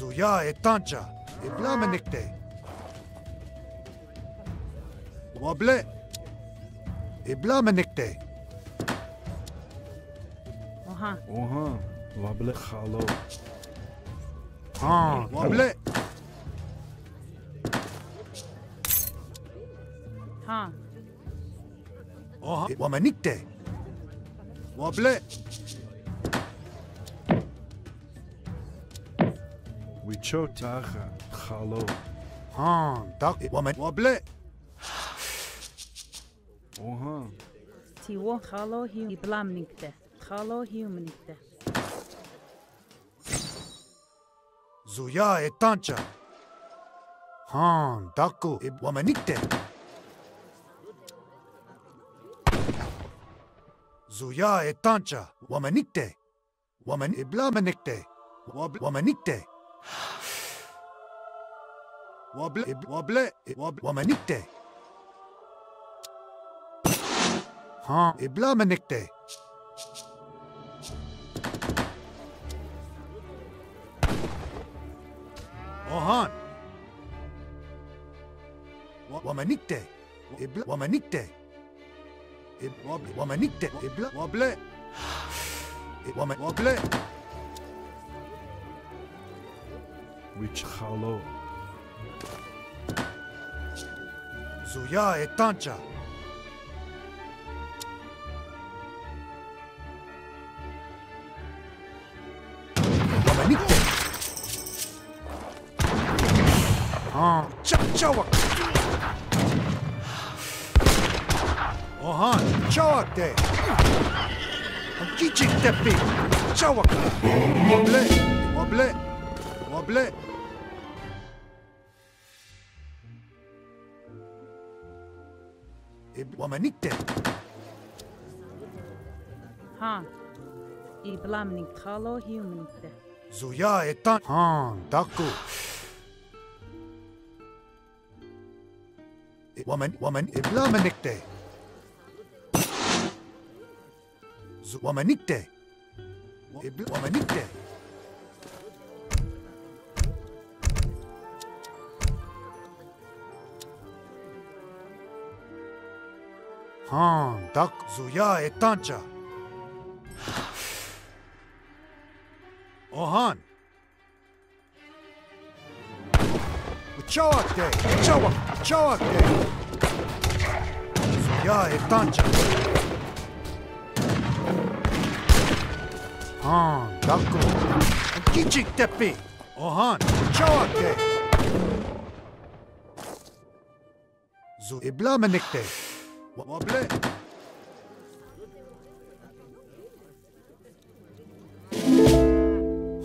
زويا طنجة بلا ما نكتي وبلا بلا ما نكتي وها وها وبلا خالو ها وبلا ها وها وما نكتي وبلا chota khalo. Han, tak woman wable. Oha. Ti wo khalo hi blamnikte. Khalo humnikte. Zuya etancha. Han, taku womanikte. Zuya etancha womanikte. Woman iblamanikte. Womanikte wobble wobble wobble womanikte ha ibla manikte ohan womanikte ibla womanikte ibla womanikte ibla wobble wobble wobble which hallow. Zuya etancha. Ah, chawa. Ohan, chawakte. Kichik tepi. Chawak. Wobble, wobble, wobble. وما نكتب هان إبلا من خالو هي من زويا إتان هان داكو ومن ومن إبلا من نكتب ومن نكتب ومن نكتب Ha, tak zuya etanca. Ohan. çavak de, çavak, çavak de. Zuya etanca. Ha, tak Kiçik tepi. Ohan, çavak de. Zu ibla menikte. Wobbler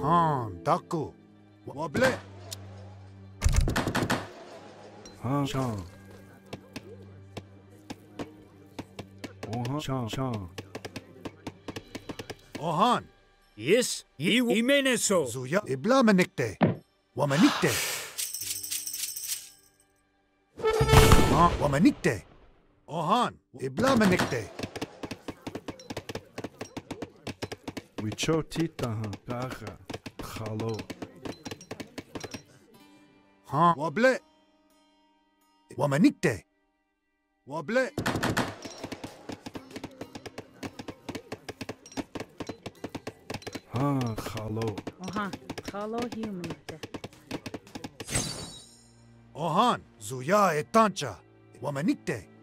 Han, Oh Han, chan. Oh, chan, chan. Ohan. Yes, ye imeneso. Zuya ibla manikte. Wamanikte. Ah, وهان وبلا ما نكتة ويتشو تيتا باغا خالو ها وبلا وما نكتة وبلا ها خالو وها خالو هي منكتة وهان زويا الطانشة وما نكتة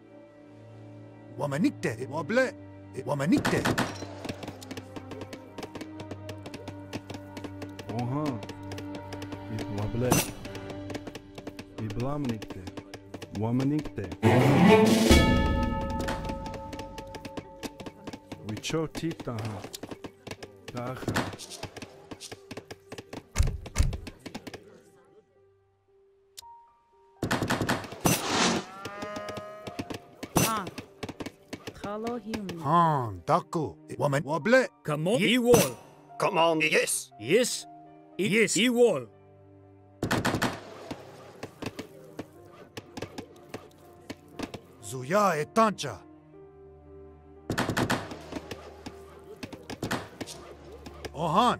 ومنكته وبلا ومنكته Oha. Wable. Iblamnikte. Wamanikte. Wicho titaha. Taha. fellow human. Han, Daku, woman, wobble. Come on, ye wall. Come on, yes. Yes. Yes. Ye wall. Zuya etancha. Ohan.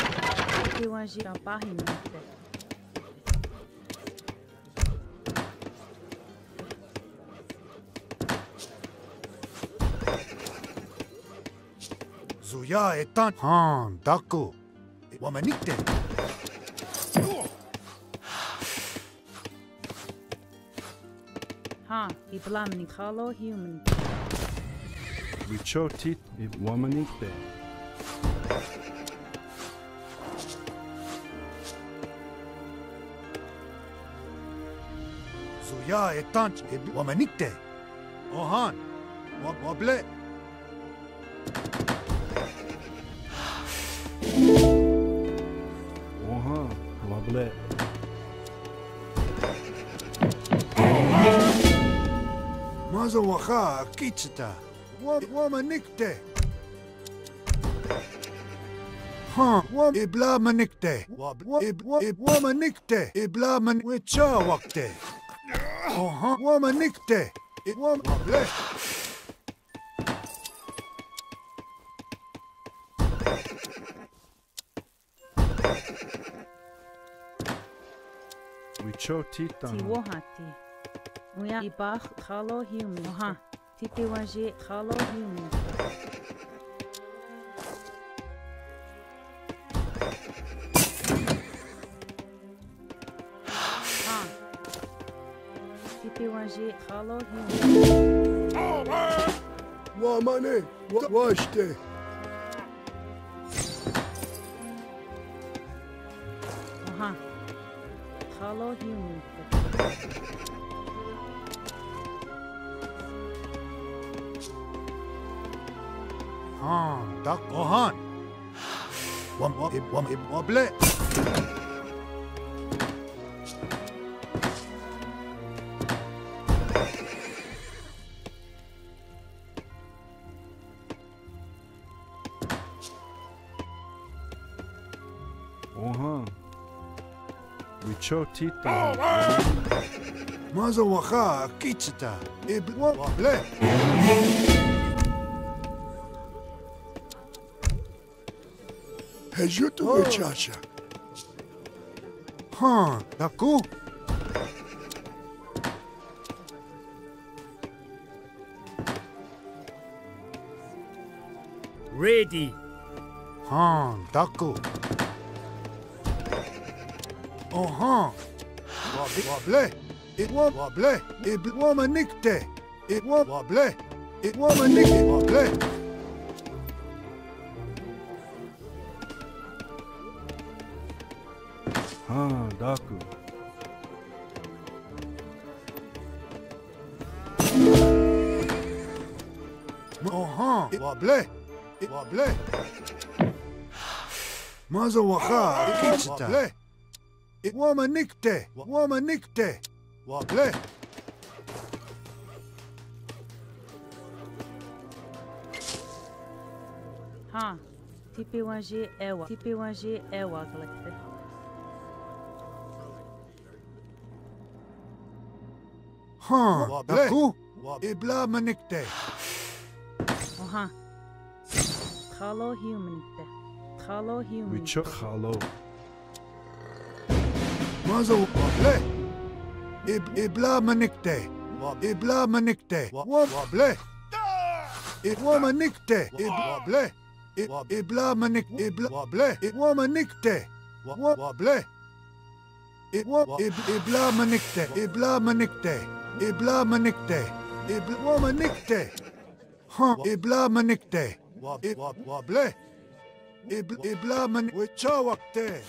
everyone she don't buy him nothing. Zuya etan han daku. Wamanikte. Ha, i blamni khalo human. Richotit i wamanikte. Ya etanç ed womanik oh, de. Ohan. Oh, wabla. Oha, wobble. Mazo waha, kitsita. Wob womanik de. Huh, wob ibla manik de. Wob ib wob womanik de. Ibla man wicha wakte. Uh-huh. We woman nikte. It woman bless. titan. ibach humi. humi. Hacı Halo Vamane Vaşte Aha Halo Himut Han, dak ohan. Wam wam wam wam Chotita. Mazo wacha kitchita. Ajuta o oh. chacha. Huh, Daku? Ready. Huh, Daku. Oh, huh Wobble, uh-huh. wobble. It wobble, wobble. It wobble, nickte. It wobble, wobble. It wobble, nickte. Wobble. Ah, Daku. Uh-huh. wobble. It wobble. Mazo waka. It Wama nikte, wama nikte, wable. Ha, one G ewa, one G ewa galakte. Ha, wable, ibla manikte. Oha, khalo humanikte, khalo humanikte. Wicho khalo. ماذا وبلي إبلا منكتي إبلا منكتي وبلي إبلا منكتي وبلي إبلا منك إبلا بلي إبلا منكتي وبلي إبلا منكتي إبلا منكتي إبلا منكتي إبلا منكتي ها إبلا منكتي وبلي إبلا من وتشاوكتي